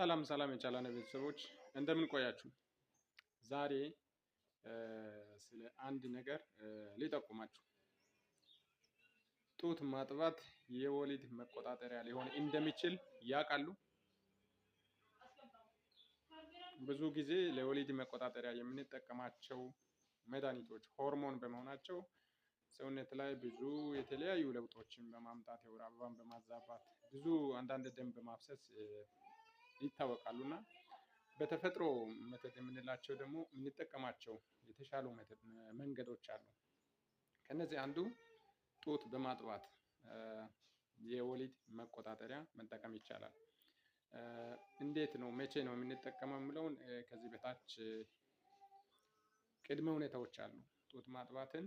ሰላም ሰላም የቻላነ ቤተሰቦች እንደምን ቆያችሁ? ዛሬ ስለ አንድ ነገር ሊጠቁማችሁ ጡት ማጥባት የወሊድ መቆጣጠሪያ ሊሆን እንደሚችል ያውቃሉ? ብዙ ጊዜ ለወሊድ መቆጣጠሪያ የምንጠቀማቸው መድኃኒቶች ሆርሞን በመሆናቸው ሰውነት ላይ ብዙ የተለያዩ ለውጦችን በማምጣት የወር አበባን በማዛባት ብዙ አንዳንድ ደም በማፍሰስ ይታወቃሉና በተፈጥሮ መተት የምንላቸው ደግሞ የምንጠቀማቸው የተሻሉ መንገዶች አሉ። ከነዚህ አንዱ ጡት በማጥባት የወሊድ መቆጣጠሪያ መጠቀም ይቻላል። እንዴት ነው መቼ ነው የምንጠቀመው የምለውን ከዚህ በታች ቅድመ ሁኔታዎች አሉ። ጡት ማጥባትን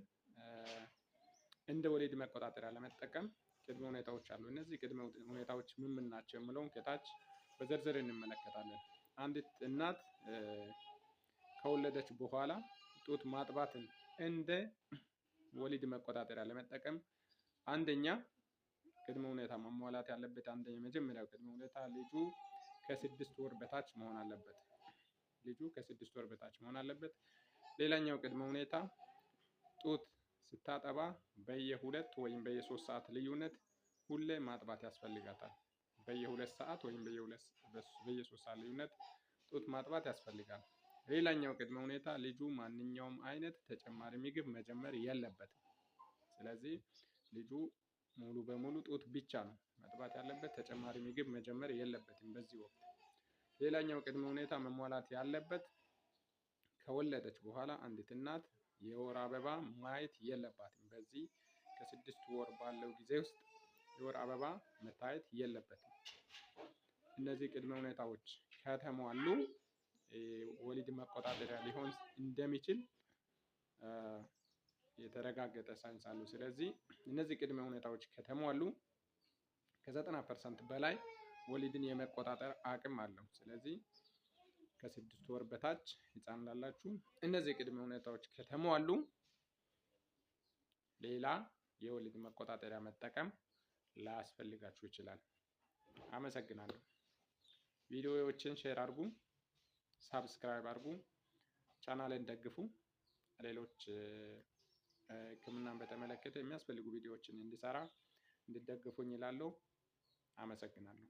እንደ ወሊድ መቆጣጠሪያ ለመጠቀም ቅድመ ሁኔታዎች አሉ። እነዚህ ቅድመ ሁኔታዎች ምን ምን ናቸው የምለውን ከታች በዝርዝር እንመለከታለን። አንዲት እናት ከወለደች በኋላ ጡት ማጥባትን እንደ ወሊድ መቆጣጠሪያ ለመጠቀም አንደኛ ቅድመ ሁኔታ ማሟላት ያለበት አንደኛ የመጀመሪያው ቅድመ ሁኔታ ልጁ ከስድስት ወር በታች መሆን አለበት። ልጁ ከስድስት ወር በታች መሆን አለበት። ሌላኛው ቅድመ ሁኔታ ጡት ስታጠባ በየሁለት ወይም በየሶስት ሰዓት ልዩነት ሁሌ ማጥባት ያስፈልጋታል። በየሁለት ሰዓት ወይም በየሶስት ሰዓት ልዩነት ጡት ማጥባት ያስፈልጋል። ሌላኛው ቅድመ ሁኔታ ልጁ ማንኛውም አይነት ተጨማሪ ምግብ መጀመር የለበትም። ስለዚህ ልጁ ሙሉ በሙሉ ጡት ብቻ ነው ማጥባት ያለበት፣ ተጨማሪ ምግብ መጀመር የለበትም በዚህ ወቅት። ሌላኛው ቅድመ ሁኔታ መሟላት ያለበት ከወለደች በኋላ አንዲት እናት የወር አበባ ማየት የለባትም። በዚህ ከስድስት ወር ባለው ጊዜ ውስጥ የወር አበባ መታየት የለበትም። እነዚህ ቅድመ ሁኔታዎች ከተሟሉ ወሊድ መቆጣጠሪያ ሊሆን እንደሚችል የተረጋገጠ ሳይንስ አሉ። ስለዚህ እነዚህ ቅድመ ሁኔታዎች ከተሟሉ ከዘጠና ፐርሰንት በላይ ወሊድን የመቆጣጠር አቅም አለው። ስለዚህ ከስድስት ወር በታች ህፃን ላላችሁ እነዚህ ቅድመ ሁኔታዎች ከተሟሉ ሌላ የወሊድ መቆጣጠሪያ መጠቀም ላያስፈልጋችሁ ይችላል። አመሰግናለሁ። ቪዲዮዎችን ሼር አድርጉ፣ ሳብስክራይብ አድርጉ፣ ቻናልን ደግፉ። ሌሎች ሕክምናን በተመለከተ የሚያስፈልጉ ቪዲዮዎችን እንዲሰራ እንድደግፉኝ ይላለሁ። አመሰግናለሁ።